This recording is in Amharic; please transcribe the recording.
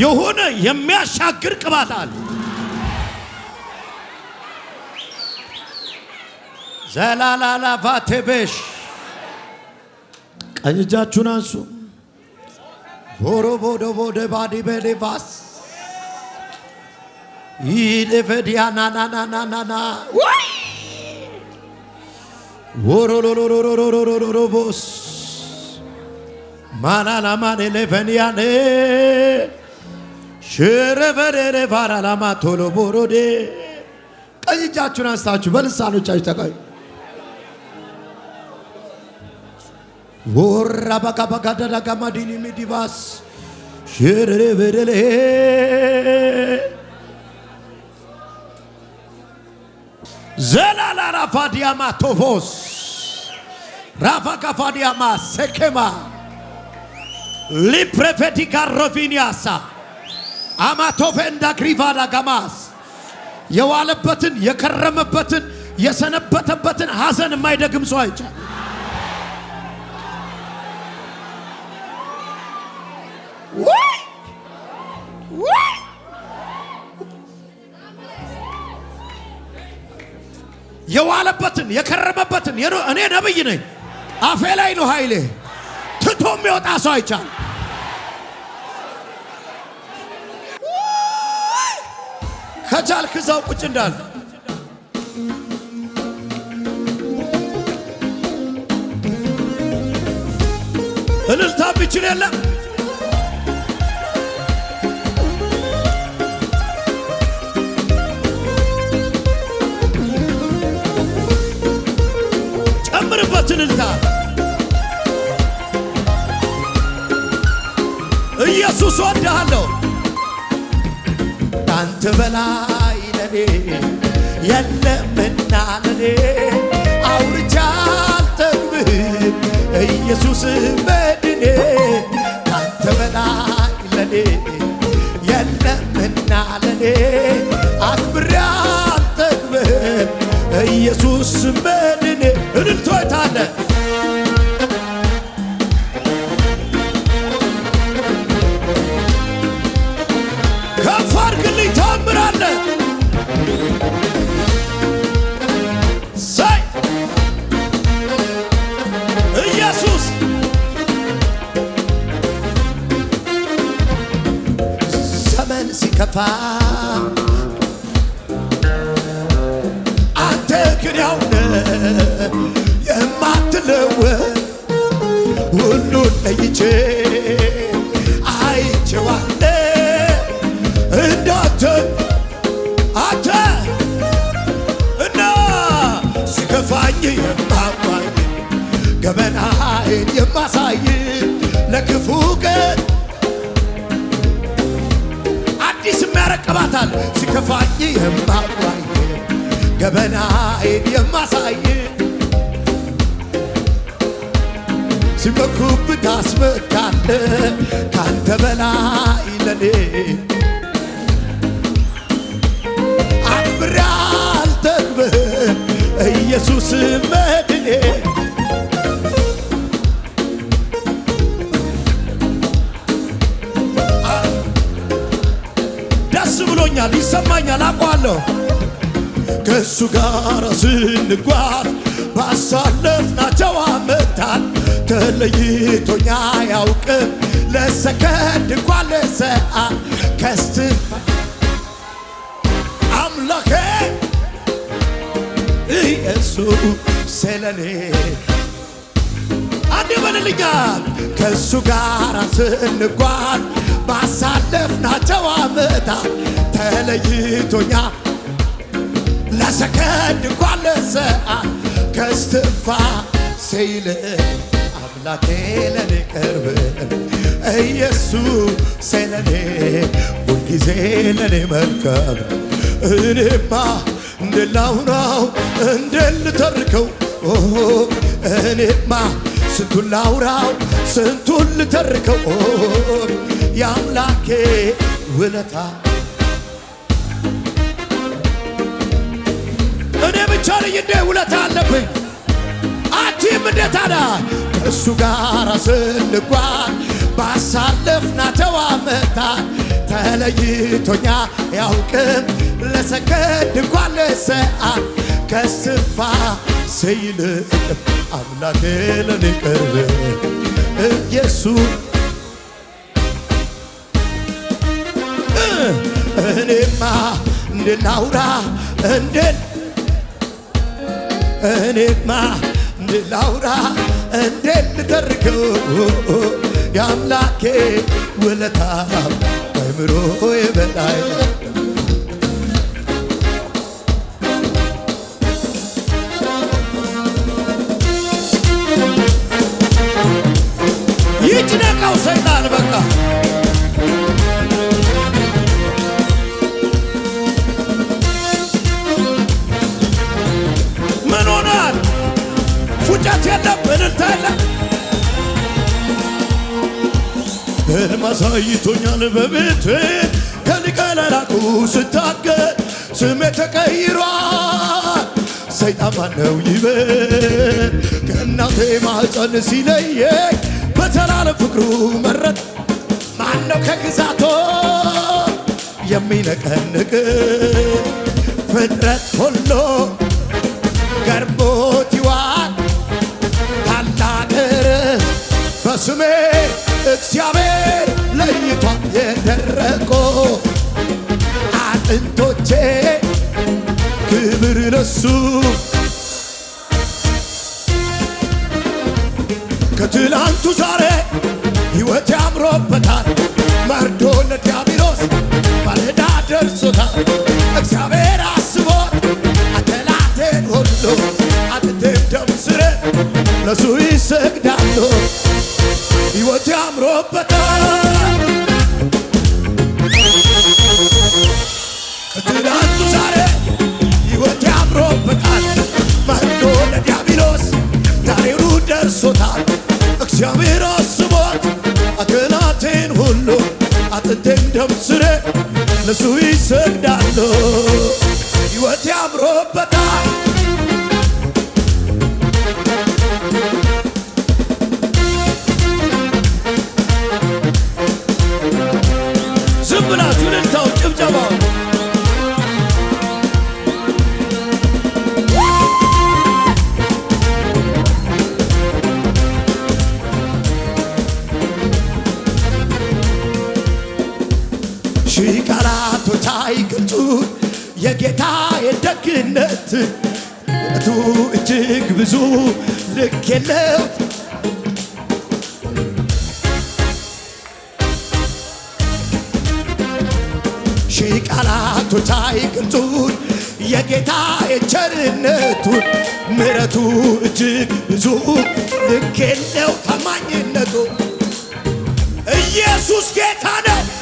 የሆነ የሚያሻግር ቅባት አለ። ዘላላላ ቫቴቤሽ ቀኝ እጃችሁን አንሱ። ቦሮ ቦዶ ቦደ ባዲ በሌባስ ይደፈዲያ ናናናናና ወሮሮሮሮሮሮሮሮሮቦስ ሽረፈረረ ፋራላማ ቶሎ ቦሮዴ ቀኝ እጃችሁን አንስታችሁ በልሳኖቻችሁ ተቀኙ። ወራ በጋ በጋ ደዳጋማ ዲኒ ሚዲባስ ሽርር ብድል ዘላላ ራፋዲያማ ቶፎስ ራፋ ካፋዲያማ ሴኬማ ሊፕሬፌቲካ ሮቪኒያሳ አማቶቬንዳ ግሪቫዳ ጋማስ የዋለበትን የከረመበትን የሰነበተበትን ሐዘን የማይደግም ሰው አይቻል። የዋለበትን የከረመበትን እኔ ነብይ ነኝ። አፌ ላይ ነው ኃይሌ። ትቶ የሚወጣ ሰው አይቻል። ከቻልክ እዛው ቁጭ እንዳል እልልታ ቢችል የለም ጨምርበት እልልታ ኢየሱስ ወድሃለሁ ካንተ በላ ለኔ የለምና ለኔ አውርቻ አልጠግብህም ኢየሱስ መድኔ ካንተ በላይ ለኔ የለምና ለኔ አክብሬ ኢየሱስ መድኔ እልልቶታለ ገመናዬን የማሳይ ለክፉ ቀን አዲስ የሚያረቅባታል ሲከፋኝ የማዋይ ገመናዬን የማሳይ ሲመኩብ ታስመካለ ካንተ በላይ ለኔ አብራል ተግብህ ኢየሱስ መድኔ ይሰማኛል ይሰማኛል አቋለሁ ከእሱ ጋር ስንጓር ባሳለፍናቸው አመታት ተለይቶኛ ያውቅም ለሰከንድ እንኳ ለሰአ ከስት አምላኬ ኢየሱስ ስለኔ አንድ በልልኛ ከእሱ ጋር ስንጓር ባሳለፍናቸው አመታ ተለይቶኛ ለሰከንድ እንኳን ለሰአ ከስትፋ ሴይል አምላኬ ለኔ ቅርብ ኢየሱስ ለኔ ሁልጊዜ ለኔ መልካም እኔማ እንደላውራው እንደልተርከው እኔማ ስንቱን ላውራው ስንቱን ልተርከው የአምላኬ ውለታ እኔ ብቻ ነኝ እንዴ ውለታ አለብኝ አቲም እንዴ ታዳ ከእሱ ጋር ስንጓን ባሳለፍናቸው ዓመታት ተለይቶኛ ያውቅም ለሰከንድ እንኳን ለሰዓት ከስፋ ስይልቅ አምላኬ ለኔ ቅርብ ኢየሱስ እኔማ እንድናውራ እንድን እኔማ እንድናውራ እንዴት ልተርከው የአምላኬ ውለታ አይምሮዬ አሳይቶኛል በቤቴ ከሊቀ መላእክቱ ስሜ ተቀይሯል። ሰይጣን ማነው ይበል ከእናቴ ማኅፀን ሲለየኝ በተላለ ፍቅሩ መረጥ ማነው ከግዛቶ የሚነቀንቅ ፍጥረት ሁሉ ገርሞት ይዋል ታላቅ ርዕስ በስሜ እግዚአብሔር ለይቷ የደረቀው አጥንቶቼ ክብር ለሱ ከትላንቱ ዛሬ ሕይወት ያምሮበታል። መርዶ ለዲያብሎስ ባለዳ ደርሶታል። እግዚአብሔር አስቦ አተላቴን ሁሉ አጥንቴም ደም ስሬ ለሱ ይሰግዳሉ። ሕይወት ያምሮበታል ደም ስሬ ለሱ ይሰግዳሉ ሕይወቴ አምሮበታል ዝም ብላችሁ ልልታው ጭብጨባው ደግነት እቱ እጅግ ብዙ ልክ የለው ሺ ቃላቶች አይገልጹት የጌታ የቸርነቱን ምረቱ እጅግ ብዙ ልክ የለው ታማኝነቱ ኢየሱስ ጌታ ነው።